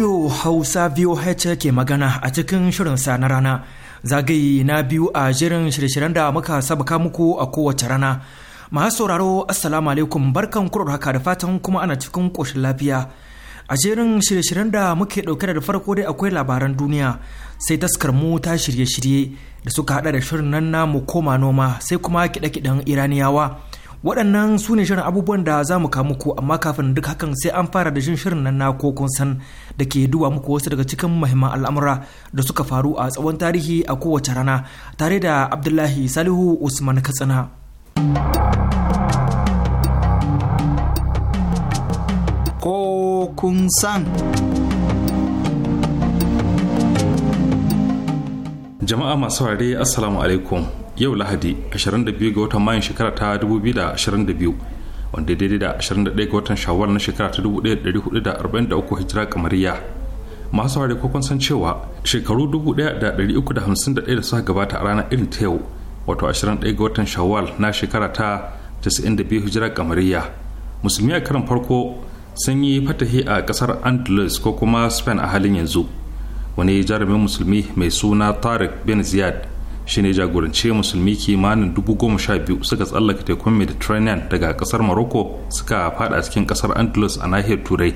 Radio Hausa VOH ke magana a cikin shirinsa na rana zagaye na biyu a jirin shirye-shiryen da muka sabaka muku a kowace rana. Masu sauraro Assalamu alaikum barkan kurar haka da fatan kuma ana cikin ƙoshin lafiya. A jerin shirye-shiryen da muke ɗauke da farko dai akwai labaran duniya sai taskar mu ta shirye-shirye da suka haɗa da shirin nan namu koma noma sai kuma kiɗe-kiɗen Iraniyawa. waɗannan su ne shirin abubuwan da za mu kawo muku amma kafin duk hakan sai an fara da jin shirin nan na ko kun san da ke duba muku wasu daga cikin muhimman al'amura da suka faru a tsawon tarihi a kowace rana tare da abdullahi salihu usman katsina ko san jama'a masu ware assalamu alaikum yau lahadi 22 ga watan mayun shekara ta 2022 wanda daidai da 21 ga watan shawar na shekara ta 1443 hijira kamariya masu saurari ko kun san cewa shekaru 1351 da suka gabata a ranar irin ta yau wato 21 ga watan shawar na shekara ta 92 hijira kamariya musulmi a karan farko sun yi fatahi a kasar andalus ko kuma spain a halin yanzu wani jarumin musulmi mai suna tarik bin ziyad shine jagorance musulmi kimanin dubu goma sha biyu suka tsallaka tekun mediterranean daga kasar morocco suka fada cikin kasar andalus a nahiyar turai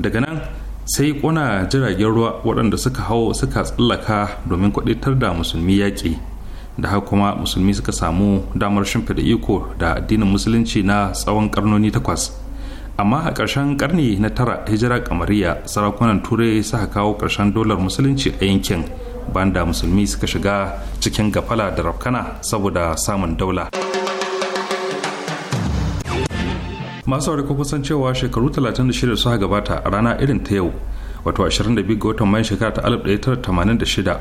daga nan sai kuna jiragen ruwa waɗanda suka hau suka tsallaka domin kwadatar da musulmi yaƙi da haka kuma musulmi suka samu damar shimfida iko da addinin musulunci na tsawon karnoni takwas amma a ƙarshen ƙarni na tara hijira kamariya sarakunan turai suka kawo ƙarshen dolar musulunci a yankin bayan da musulmi suka shiga cikin gafala da rafkana saboda samun daula masu aure kusan cewa shekaru 36 suka gabata a rana irin ta yau wato 22 ga watan mayan shekara ta 1986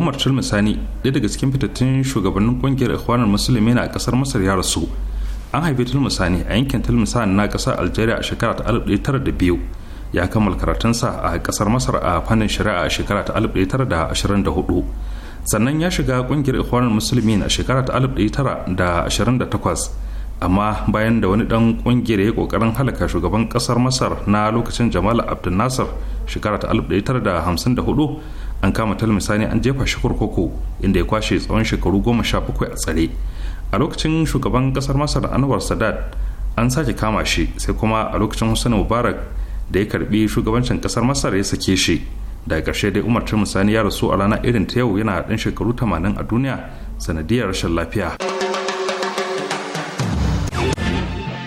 umar tulmisani ɗaya daga cikin fitattun shugabannin kungiyar ikhwanar musulmi na kasar masar ya rasu an haifi tulmisani a yankin tulmisani na kasar algeria a shekara ta 1902 ya kammala karatunsa a kasar masar a fannin shari'a a shekara ta 1924 sannan ya shiga kungiyar ikhwanul musulmin a shekara ta 1928 amma bayan da wani dan kungiyar ya kokarin halaka shugaban kasar masar na lokacin jamal abdul nasir shekara ta 1954 an kama talmisani an jefa shi kurkuku inda ya kwashe tsawon shekaru goma sha bakwai a tsare a lokacin shugaban kasar masar anwar sadat an sake kama shi sai kuma a lokacin hussein mubarak da ya karbi shugabancin kasar masar ya sake shi daga ƙarshe dai umar sani ya rasu a rana irin ta yau yana ɗan shekaru 80 a duniya sanadiyar rashin lafiya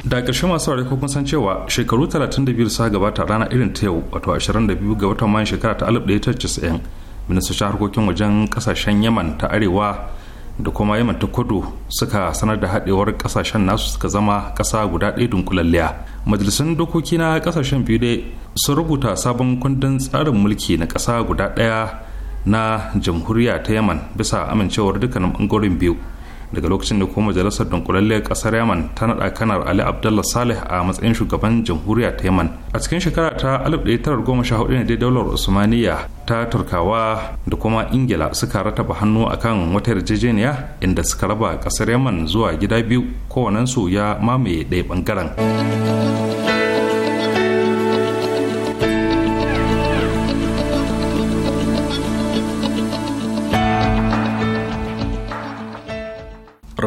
da ƙarshe masu ware kun san cewa shekaru 32 sa gabata rana irin ta yau wato 22 ga watan mayan shekara ta 1990 minista harkokin wajen kasashen yaman ta arewa da kuma yaman ta kudu suka sanar da haɗewar ƙasashen nasu suka zama ƙasa guda ɗaya dunkulalliya majalisun dokoki na ƙasashen biyu dai sun rubuta sabon kundin tsarin mulki na ƙasa guda ɗaya na jamhuriya ta yaman bisa amincewar dukkanin ɓangaren biyu daga lokacin da kuma majalisar dunkulalliyar kasar yaman ta naɗa kanar ali abdullah saleh a matsayin shugaban jamhuriyar ta yaman a cikin shekara ta 1914 ne dai daular usmaniya ta turkawa da kuma ingila suka rataba hannu akan wata yarjejeniya inda suka raba kasar yaman zuwa gida biyu su ya mamaye ɗaya bangaren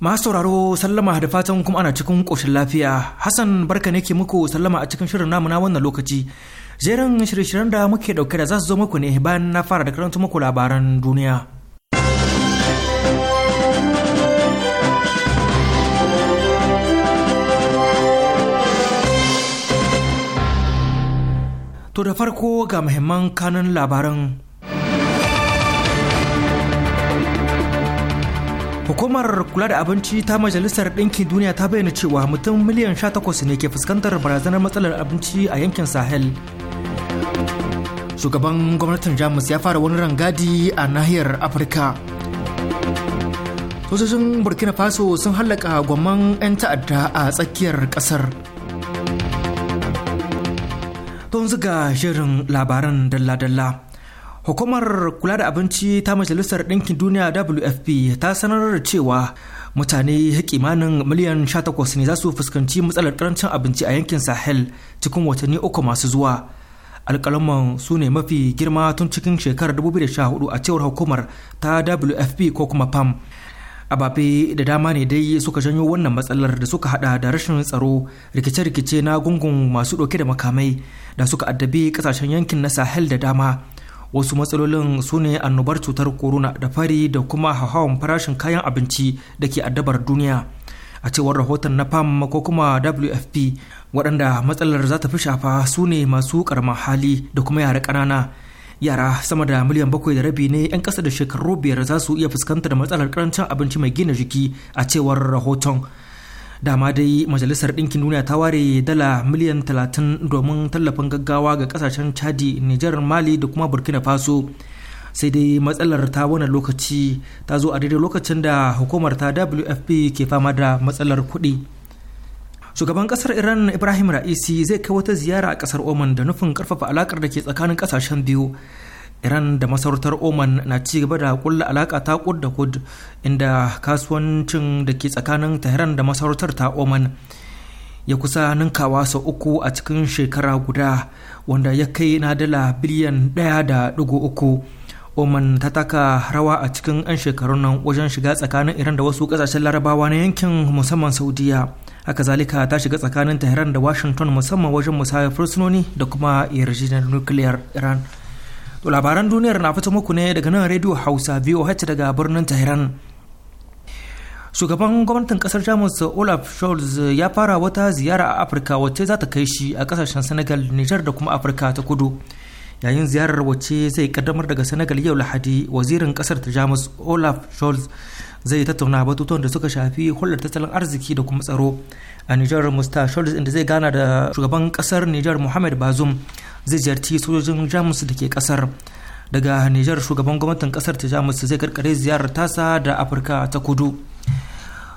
Masu sauraro sallama da fatan kuma ana cikin ƙoshin lafiya. Hassan barka ne ke muku sallama a cikin shirin namu wannan lokaci. Jerin shirye-shiryen da muke ɗauke da za su zo muku ne bayan na fara da karanta muku labaran duniya. To da farko ga muhimman kanun labaran Hukumar kula da abinci ta Majalisar Ɗinkin Duniya ta bayyana cewa mutum miliyan takwas ne ke fuskantar barazanar matsalar abinci a yankin Sahel. Shugaban gwamnatin Jamus ya fara wani rangadi a nahiyar Afirka. Sojojin Burkina Faso sun hallaka gwamman 'yan ta'adda a tsakiyar ƙasar. Don ziga shirin labaran dalla-dalla. Hukumar kula da abinci ta Majalisar Ɗinkin Duniya WFP ta sanar da cewa mutane kimanin miliyan 18 ne za su fuskanci matsalar karancin abinci a yankin Sahel cikin watanni uku masu zuwa. Alƙalaman su ne mafi girma tun cikin shekarar 2014 a cewar hukumar ta WFP ko kuma PAM. ababe da dama ne dai suka janyo wannan matsalar da suka hada da rashin tsaro rikice-rikice na gungun masu ɗauke da makamai da suka addabi kasashen yankin na sahel da dama wasu matsalolin su ne annobar cutar corona da fari da kuma hauhawan farashin kayan abinci da ke addabar duniya a cewar rahoton na fam ko kuma wfp waɗanda matsalar za ta fi shafa su ne masu ƙaramin hali da kuma yara ƙanana yara sama da miliyan bakwai da rabi ne 'yan ƙasa da shekaru biyar za su iya fuskantar matsalar ƙarancin abinci mai gina jiki a cewar rahoton dama dai majalisar ɗinkin duniya ta ware dala miliyan 30 domin tallafin gaggawa ga ƙasashen chadi nijar mali da kuma burkina faso sai dai matsalar ta wani lokaci ta zo a daidai lokacin da hukumar ta wfp ke fama da matsalar kuɗi shugaban kasar iran ibrahim ra'isi zai kai wata ziyara a kasar oman da nufin karfafa alakar da ke tsakanin ƙasashen biyu iran da masarautar oman na ci gaba da kulla alaka ta kud da kud inda kasuwancin da ke tsakanin tehran da masarautar ta oman ya kusa ninkawa sau uku a cikin shekara guda wanda ya kai na dala biliyan ɗaya da dugu uku oman ta taka rawa a cikin 'yan shekarun nan wajen shiga tsakanin iran da wasu kasashen larabawa na yankin musamman saudiya haka zalika ta shiga tsakanin tehran da washington musamman wajen musayar fursunoni da kuma yarjejeniyar nukiliyar iran To labaran duniyar na fito muku ne daga nan Radio Hausa VOH daga birnin Tehran. Shugaban gwamnatin kasar Jamus Olaf Scholz ya fara wata ziyara a Afirka wacce za ta kai shi a kasashen Senegal, Nijar da kuma Afirka ta Kudu. Yayin ziyarar wacce zai kaddamar daga Senegal yau Lahadi, wazirin kasar ta Jamus Olaf Scholz zai tattauna batutuwan da suka shafi hulɗar tattalin arziki da kuma tsaro a Nijar Musta charles inda zai gana da shugaban kasar Nijar Muhammad bazum zai ziyarci sojojin Jamus da ke kasar daga Nijar shugaban gwamnatin kasar ta Jamus zai karkare ziyarar tasa da Afirka ta Kudu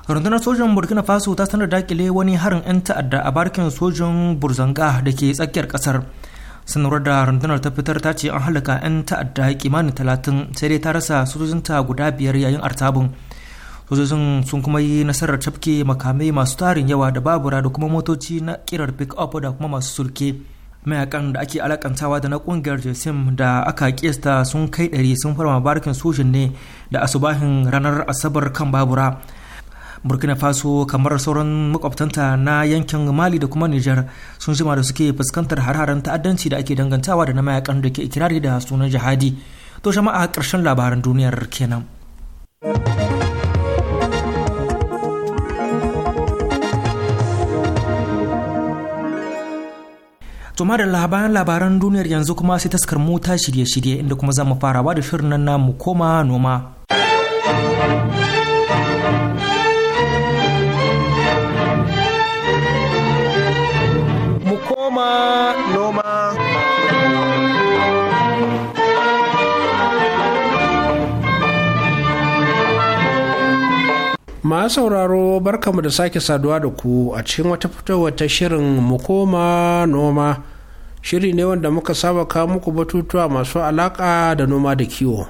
rundunar sojan burkina faso ta sanar da kile wani harin 'yan ta'adda a barkin sojan burzanga da ke tsakiyar kasar sanarwar da rundunar ta fitar ta ce an halaka 'yan ta'adda kimanin talatin sai dai ta rasa sojojinta guda biyar yayin artabun sojojin sun kuma yi nasarar tafke makamai masu tarin yawa da babura da kuma motoci na kirar pick-up da kuma masu sulke mayakan da ake alakantawa da na kungiyar jesim da aka kiyasta sun kai ɗari sun farma barkin sojin ne da asubahin ranar asabar kan babura burkina faso kamar sauran makwabtanta na yankin mali da kuma niger sun jima da suke fuskantar har-haren ta'addanci da ake dangantawa da na mayakan da ke ikirari da sunan jihadi to a karshen labaran duniyar kenan. To da labaran labaran duniyar yanzu kuma sai taskar mota shirye-shirye inda kuma za mu farawa da shirin nan mu koma noma. Mu koma noma. Ma sauraro barkamu da sake saduwa da ku a cikin wata fitowar ta shirin mu koma noma shiri ne wanda muka saba kawo muku batutuwa masu alaƙa da noma da kiwo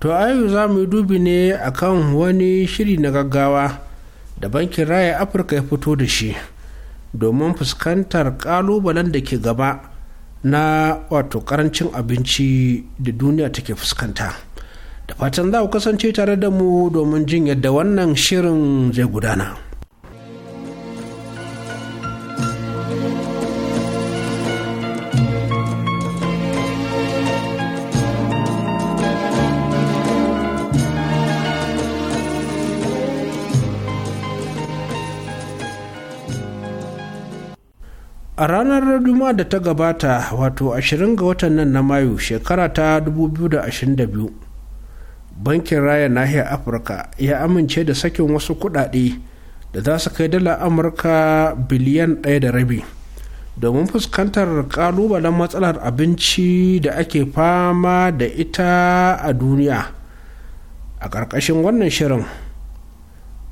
to ayu za mu yi dubi ne akan wani shiri na gaggawa da bankin raya afirka ya fito da shi domin fuskantar ƙalubalen da ke gaba na wato karancin abinci da duniya take fuskanta da fatan za ku kasance tare da mu domin jin yadda wannan shirin zai gudana. a ranar raduma da ta gabata wato 20 ga watan nan na mayu shekara ta 2022 bankin raya nahiyar afirka ya amince da sakin wasu kudade da za su kai dala amurka biliyan ɗaya da rabi domin fuskantar kalubalen matsalar abinci da ake fama da ita a duniya a ƙarƙashin wannan shirin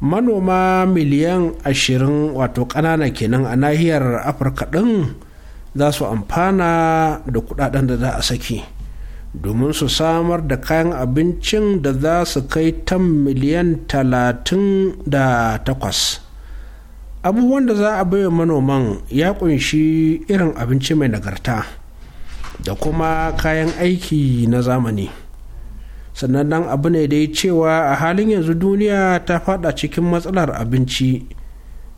manoma miliyan ashirin wato ƙanana kenan a nahiyar afirka ɗin za su amfana da kudaden da za a saki domin su samar da kayan abincin da za su kai tan miliyan talatin da takwas abubuwan da za a baiwa manoman ya kunshi irin abinci mai nagarta da kuma kayan aiki na zamani. sannan abu ne da ya cewa a halin yanzu duniya ta fada cikin matsalar abinci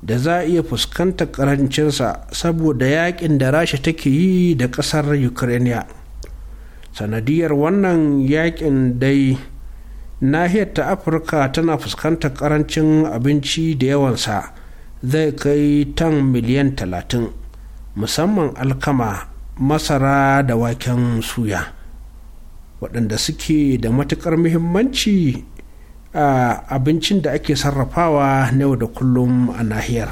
da za a iya fuskantar karancinsa saboda yakin da rasha take yi da kasar ukraine sanadiyar wannan yakin dai nahiyar ta afirka tana fuskantar karancin abinci da yawansa zai kai tan miliyan talatin musamman alkama masara da waken suya. waɗanda suke da matuƙar muhimmanci a abincin da ake sarrafawa na yau da kullum a nahiyar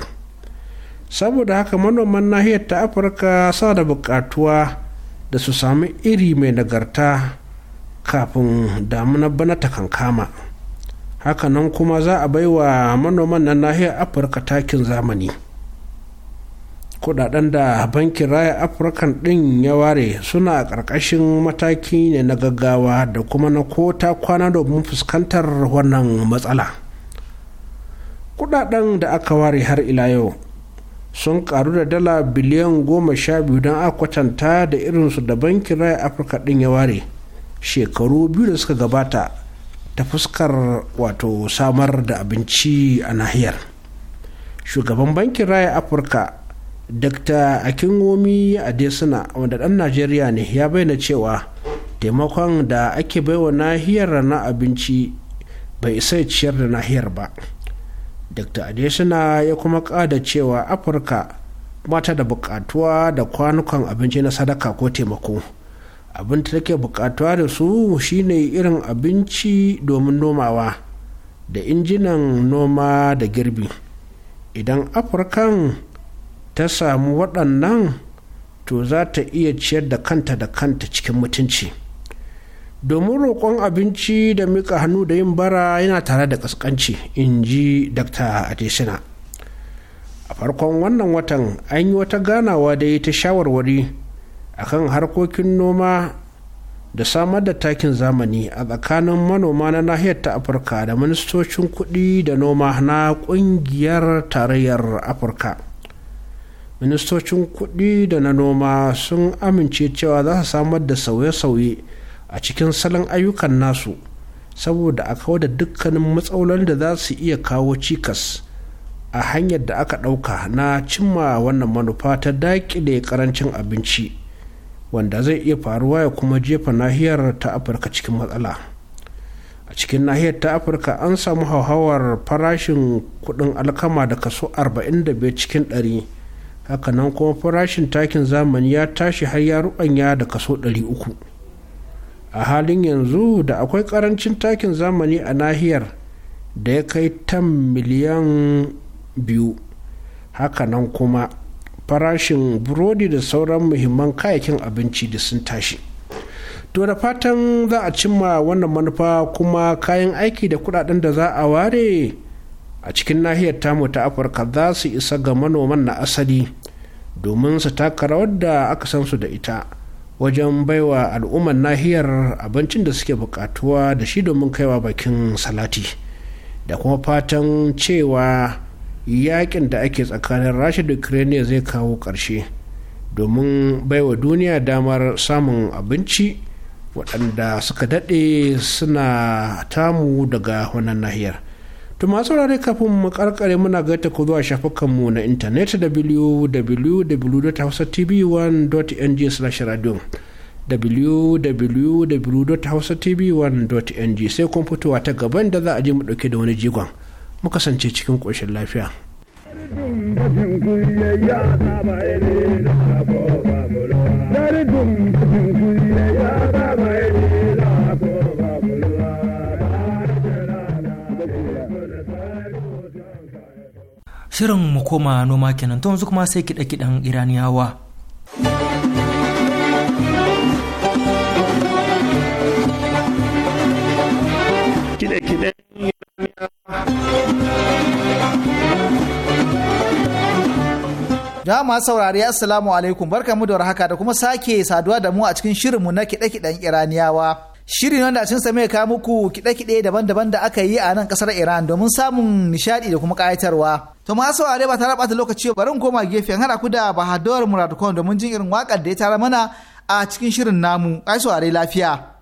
saboda haka manoman nahiyar ta afirka sa da buƙatuwa da su sami iri mai nagarta kafin damuna bana ta kankama hakanan kuma za a baiwa manoman na nahiyar afirka takin zamani. kudaden da bankin raya afirka din ya ware suna a ƙarƙashin mataki ne na gaggawa da kuma na kota kwana domin fuskantar wannan matsala kudaden da aka ware har ila yau sun karu da dala biliyan goma sha biyu don akwatanta da irinsu da bankin raya afirka din ya ware shekaru biyu da suka gabata ta fuskar wato samar da abinci a nahiyar shugaban bankin raya afirka dr akinwomi adesina wanda dan najeriya ne ya bayyana cewa taimakon da ake baiwa nahiyar na abinci bai isa ciyar da nahiyar ba dr adesina ya kuma kada cewa afirka bata da bukatuwa da kwanukan abinci na sadaka ko taimako abin da take bukatuwa da su shine irin abinci domin nomawa da injinan noma da girbi idan afirkan ta samu waɗannan to za ta iya ciyar da kanta da kanta cikin mutunci domin roƙon abinci da mika hannu da yin bara yana tare da ƙasƙanci in ji dr adesina a farkon wannan watan an yi wata ganawa da ta shawarwari akan harkokin noma da samar da takin zamani a tsakanin manoma na nahiyar ta afirka da ministocin kuɗi da noma na ƙungiyar tarayyar afirka ministocin kuɗi da na noma sun amince cewa za su samar da sauye-sauye a cikin salon ayyukan nasu saboda a kawo da dukkanin matsalolin da za su iya kawo cikas a hanyar da aka ɗauka na cimma wannan manufa ta daƙile karancin abinci wanda zai iya faruwa ya kuma jefa nahiyar ta afirka cikin matsala a cikin nahiyar ta afirka an samu hauhawar farashin kuɗin alkama da kaso 45 cikin ɗari. hakanan kuma farashin takin zamani ya tashi har ya rubanya da kaso 300 a halin yanzu da akwai ƙarancin takin zamani a nahiyar da ya kai tan miliyan biyu hakanan kuma farashin burodi da sauran muhimman kayakin abinci da sun tashi to da fatan za a cimma wannan manufa kuma kayan aiki da kudaden da za a ware a cikin nahiyar tamu ta afirka za su isa ga manoman na asali domin su taka rawar da aka san su da ita wajen baiwa al'ummar nahiyar abincin da suke bukatuwa da shi domin kaiwa bakin salati da kuma fatan cewa yakin da ake tsakanin rasha da ukraine zai kawo ƙarshe domin baiwa duniya damar samun abinci waɗanda suka daɗe suna tamu daga wannan nahiyar. To masu rare kafin mu karkare muna gaita ku zuwa shafukanmu na intanet www.hausatv1.ng/radio www.hausatv1.ng sai kun fitowa ta gaban da za a je mu dauke da wani jigon. Mu kasance cikin koshin lafiya. Dari dum Shirin mu koma noma kenan to yanzu kuma sai kiɗe-kiɗen Iraniyawa. Kiɗe-kiɗen Da saurari Assalamu alaikum barkamu da warhaka da kuma sake saduwa da mu a cikin shirinmu na kiɗe-kiɗen Iraniyawa. shirin wanda a sa mai kawo muku kiɗe-kiɗe daban-daban da aka yi a nan kasar Iran domin samun nishaɗi da kuma ƙayatarwa. To ma so ba tara ɓata lokaci bari koma gefen hana ku da Bahadur Muradu Kwan domin jin irin waƙar da ya tara mana a cikin shirin namu. Ai lafiya.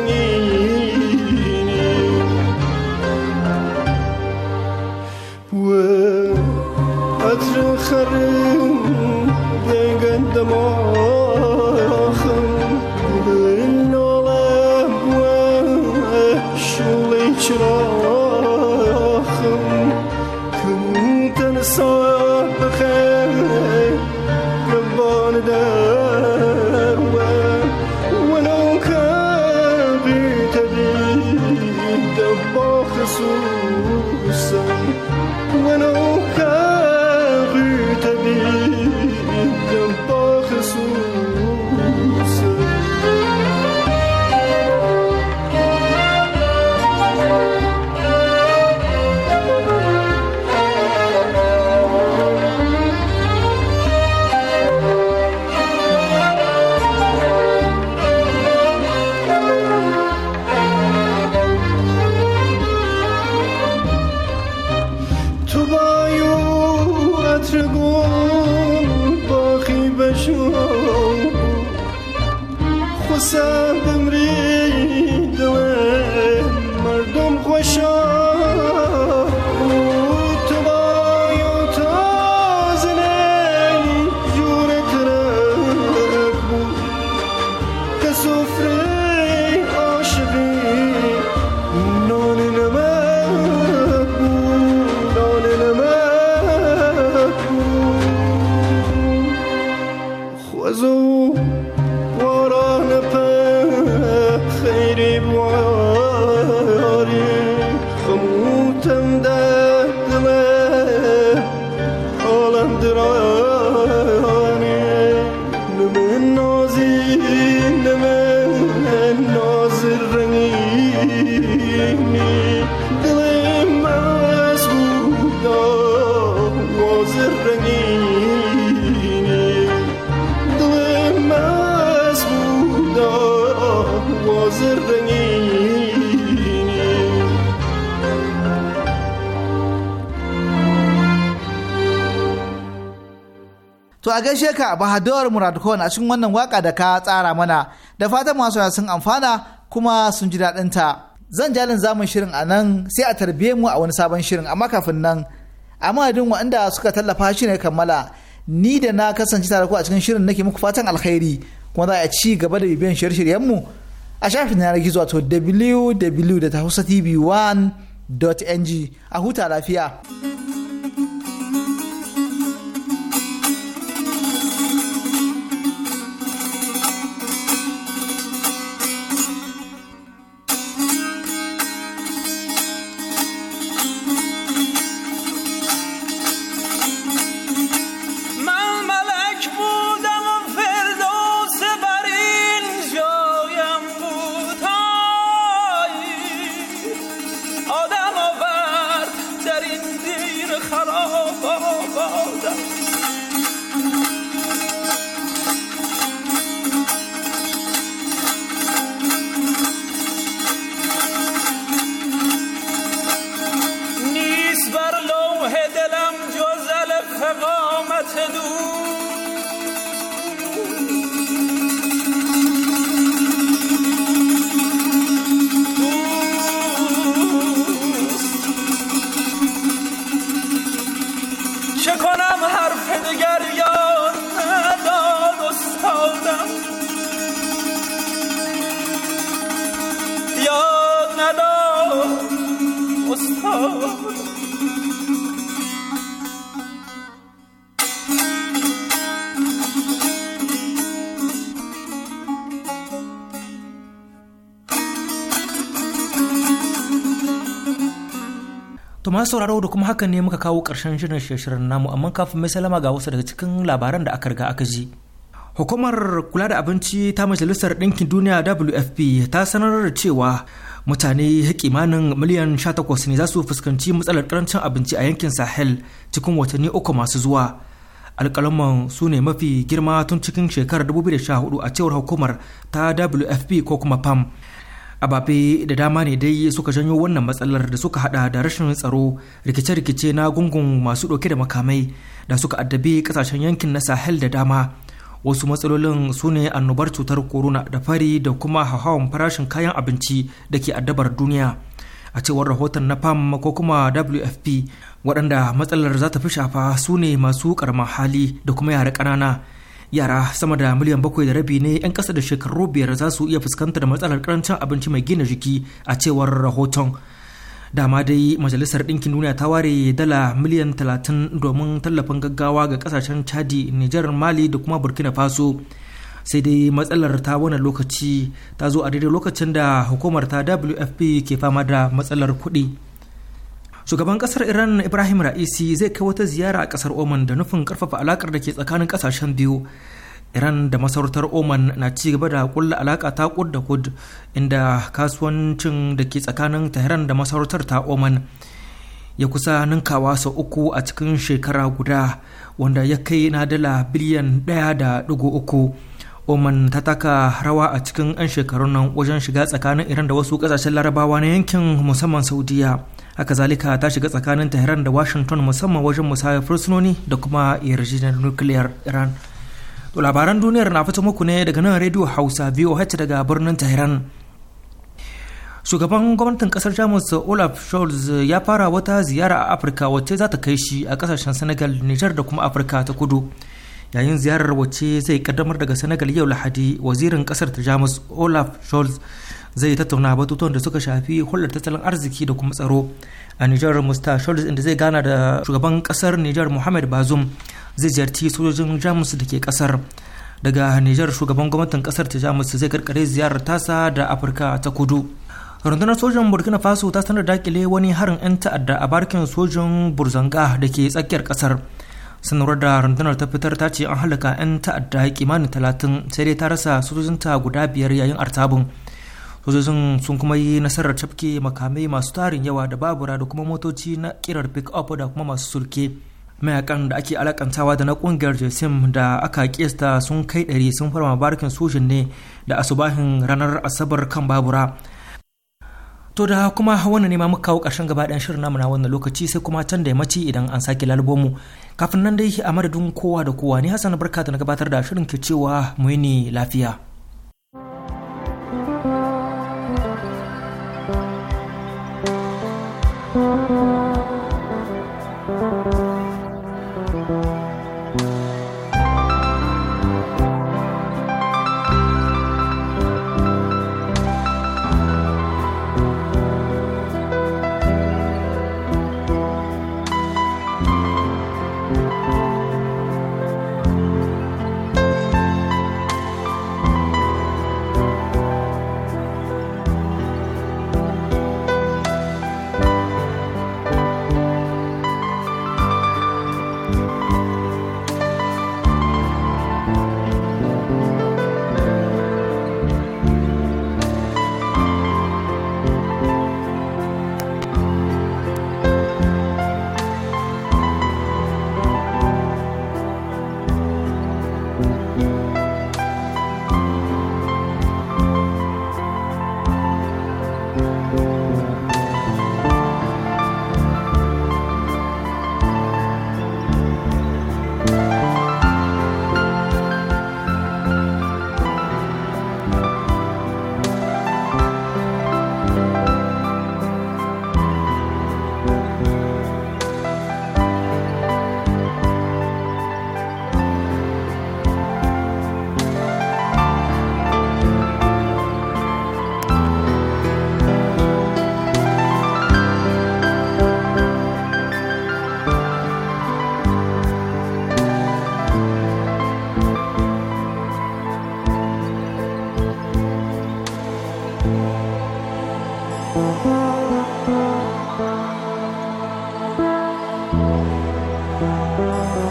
You. kandıran a gaishe ka Bahadur Murad Khan a cikin wannan waka da ka tsara mana da fatan masu sun amfana kuma sun ji daɗin ta. Zan jalin zamun shirin a nan sai a tarbiye mu a wani sabon shirin amma kafin nan a madadin waɗanda suka tallafa shi ne kammala ni da na kasance tare ku a cikin shirin nake muku fatan alkhairi kuma za a ci gaba da bibiyan shirye-shiryen mu a shafin yanar gizo wato www.hausatv1.ng a huta lafiya. masu sauraro da kuma hakan ne muka kawo ƙarshen shirin shirin namu amma kafin mai salama ga wasu daga cikin labaran da aka riga aka ji. Hukumar kula da abinci ta Majalisar Ɗinkin Duniya WFP ta sanar da cewa mutane kimanin miliyan 18 ne za su fuskanci matsalar karancin abinci a yankin sahel cikin watanni uku masu zuwa alkalaman su ne mafi girma tun cikin shekarar 2014 a cewar hukumar ta wfp ko kuma pam ababe da dama ne dai suka janyo wannan matsalar da suka hada da rashin tsaro rikice-rikice na gungun masu dauke da makamai da suka addabi kasashen yankin na sahel da dama wasu matsalolin su ne annobar cutar corona da fari da kuma hauhawan farashin kayan abinci da ke addabar duniya a cewar rahoton na pam ko kuma wfp waɗanda matsalar za ta fi shafa su ne masu ƙarama hali da kuma yare ƙanana yara sama da miliyan bakwai da rabi ne 'yan ƙasa da shekaru biyar za su iya fuskantar matsalar karancin abinci mai gina jiki a cewar rahoton dama dai majalisar ɗinkin duniya ta ware dala miliyan talatin domin tallafin gaggawa ga ƙasashen chadi nijar mali da kuma burkina faso sai dai matsalar ta wani lokaci ta zo a daidai lokacin da hukumar ta wfp ke fama da matsalar kuɗi shugaban kasar iran ibrahim ra'isi zai kai wata ziyara a kasar oman da nufin karfafa alakar da ke tsakanin kasashen biyu iran da masarautar oman na ci gaba da kulla alaka ta kud da kud inda kasuwancin da ke tsakanin tehran da masarautar ta oman ya kusa ninkawa sau uku a cikin shekara guda wanda ya kai na dala biliyan ɗaya da dugu uku oman ta taka rawa a cikin 'yan shekarun nan wajen shiga tsakanin iran da wasu kasashen larabawa na yankin musamman saudiya haka zalika ta shiga tsakanin tehran da washington musamman wajen musayar fursunoni da kuma yarjejeniyar nukiliyar iran to labaran duniyar na fito muku ne daga nan radio hausa voh daga birnin tehran shugaban gwamnatin kasar jamus olaf scholz ya fara wata ziyara a afirka wacce za ta kai shi a kasashen senegal niger da kuma afirka ta kudu yayin ziyarar wacce zai kaddamar daga senegal yau lahadi wazirin kasar ta jamus olaf scholz zai tattauna batutuwan da suka shafi hulɗar tattalin arziki da kuma tsaro a Nijar Musta Scholz inda zai gana da shugaban kasar Nijar Muhammad bazum zai ziyarci sojojin Jamus da ke kasar daga Nijar shugaban gwamnatin kasar ta Jamus zai karkare ziyarar tasa da Afirka ta Kudu rundunar sojan burkina faso ta sanar da dakile wani harin 'yan ta'adda a barkin sojan burzanga da ke tsakiyar kasar sanarwar da rundunar ta fitar ta ce an halaka 'yan ta'adda kimanin talatin sai dai ta rasa sojojinta guda biyar yayin artabin sojojin sun kuma yi nasarar cafke makamai masu tarin yawa da babura da kuma motoci na kirar pick-up da kuma masu sulke mayakan da ake alakantawa da na kungiyar jesim da aka kista sun kai ɗari sun fara barkin sushin ne da asubahin ranar asabar kan babura to da kuma wannan ne ma muka kawo ƙarshen gaba ɗayan shirin namu na wannan lokaci sai kuma can da ya mace idan an sake lalbomu kafin nan dai a madadin kowa da kowa ni hassan barka da na gabatar da shirin ke cewa mu ne lafiya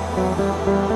Música